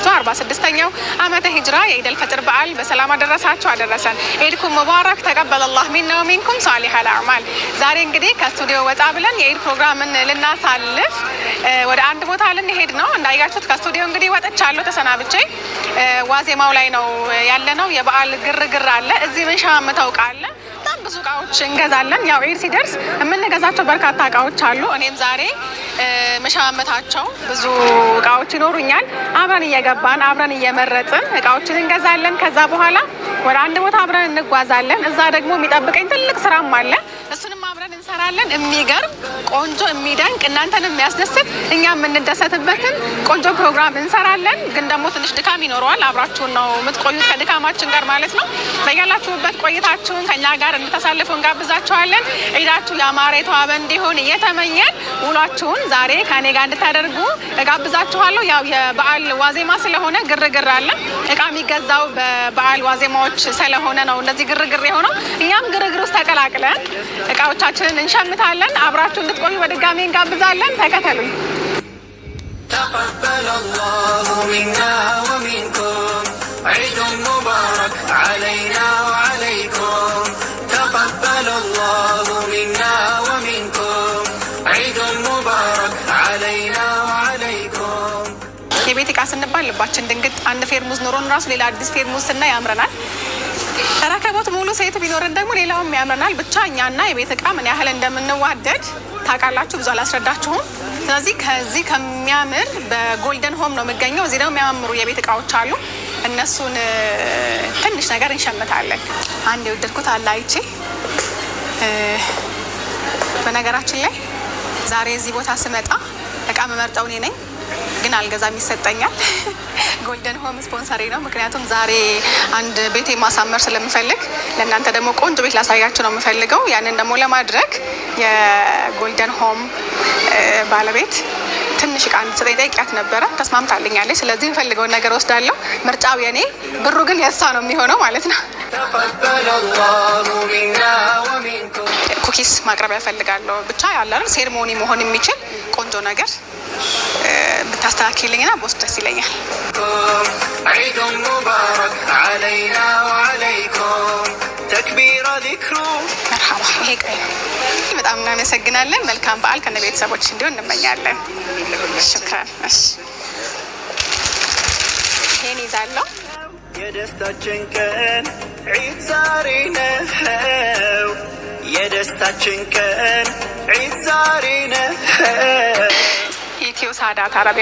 146ኛው ዓመተ ሂጅራ የኢደል ፈጥር በዓል በሰላም አደረሳችሁ አደረሰን። ኢድኩም ሙባረክ ተቀበለላህ ሚና ወሚንኩም ሳሊሐል አዕማል። ዛሬ እንግዲህ ከስቱዲዮ ወጣ ብለን የኢድ ፕሮግራምን ልናሳልፍ ወደ አንድ ቦታ ልንሄድ ነው። እንዳያችሁት ከስቱዲዮ እንግዲህ ወጥቻለሁ ተሰናብቼ። ዋዜማው ላይ ነው ያለነው። የበዓል ግርግር አለ። እዚህ ምን ሻማ የምታውቃለህ? ብዙ እቃዎች እንገዛለን። ያው ኤድ ሲደርስ የምንገዛቸው በርካታ እቃዎች አሉ። እኔም ዛሬ መሸማመታቸው ብዙ እቃዎች ይኖሩኛል። አብረን እየገባን አብረን እየመረጥን እቃዎችን እንገዛለን። ከዛ በኋላ ወደ አንድ ቦታ አብረን እንጓዛለን። እዛ ደግሞ የሚጠብቀኝ ትልቅ ስራም አለ እሱንም አብረን እንሰራለን። የሚገርም ቆንጆ የሚደንቅ እናንተን የሚያስደስት እኛ የምንደሰትበትን ቆንጆ ፕሮግራም እንሰራለን። ግን ደግሞ ትንሽ ድካም ይኖረዋል። አብራችሁን ነው የምትቆዩት ከድካማችን ጋር ማለት ነው። በያላችሁበት ቆይታችሁን ከኛ ጋር እንድታሳልፉ እንጋብዛችኋለን። ዒዳችሁ ያማረ የተዋበ እንዲሆን እየተመኘን ውሏችሁን ዛሬ ከኔ ጋር እንድታደርጉ እጋብዛችኋለሁ። ያው የበዓል ዋዜማ ስለሆነ ግርግር አለ። እቃ የሚገዛው በበዓል ዋዜማዎች ስለሆነ ነው እነዚህ ግርግር የሆነው። እኛም ግርግር ውስጥ ተቀላቅለን እቃዎች ሻጮቻችንን እንሸምታለን። አብራችሁ እንድትቆዩ በድጋሚ እንጋብዛለን። ተከተሉኝ። የቤት እቃ ስንባል ልባችን ድንግጥ አንድ ፌርሙዝ ኖሮን ራሱ ሌላ አዲስ ፌርሙዝ ስናይ ያምረናል። ረከቦት ሙሉ ሴት ቢኖርን ደግሞ ሌላውም ያምረናል። ብቻ እኛና የቤት እቃ ምን ያህል እንደምንዋደድ ታውቃላችሁ። ብዙ አላስረዳችሁም። ስለዚህ ከዚህ ከሚያምር በጎልደን ሆም ነው የምገኘው። እዚህ ደግሞ የሚያማምሩ የቤት እቃዎች አሉ። እነሱን ትንሽ ነገር እንሸምታለን። አንድ የወደድኩት አለ አይቼ። በነገራችን ላይ ዛሬ እዚህ ቦታ ስመጣ እቃ መመርጠው እኔ ነኝ። ግን አልገዛም፣ ይሰጠኛል። ጎልደን ሆም ስፖንሰሬ ነው። ምክንያቱም ዛሬ አንድ ቤቴ ማሳመር ስለምፈልግ ለእናንተ ደግሞ ቆንጆ ቤት ላሳያቸው ነው የምፈልገው። ያንን ደግሞ ለማድረግ የጎልደን ሆም ባለቤት ትንሽ እቃ እንድትሰጠኝ ጠይቂያት ነበረ። ተስማምታልኛለች። ስለዚህ የምፈልገውን ነገር ወስዳለሁ። ምርጫው የኔ፣ ብሩ ግን የእሷ ነው የሚሆነው ማለት ነው። ኩኪስ ማቅረቢያ እፈልጋለሁ። ብቻ ያለን ሴርሞኒ መሆን የሚችል ቆንጆ ነገር ብታስተካክልልኝና በውስጥ ደስ ይለኛል። መርሃባ ይሄ ቀይ በጣም እናመሰግናለን። መልካም በዓል ከነ ቤተሰቦች እንዲሆን እንመኛለን። ሽክራን ይሄን ይዛለው የደስታችን ቀን ዒድ ዛሬ ነው። የደስታችን ቀን ዒድ ዛሬ ነው። ሳዳት አረቢያ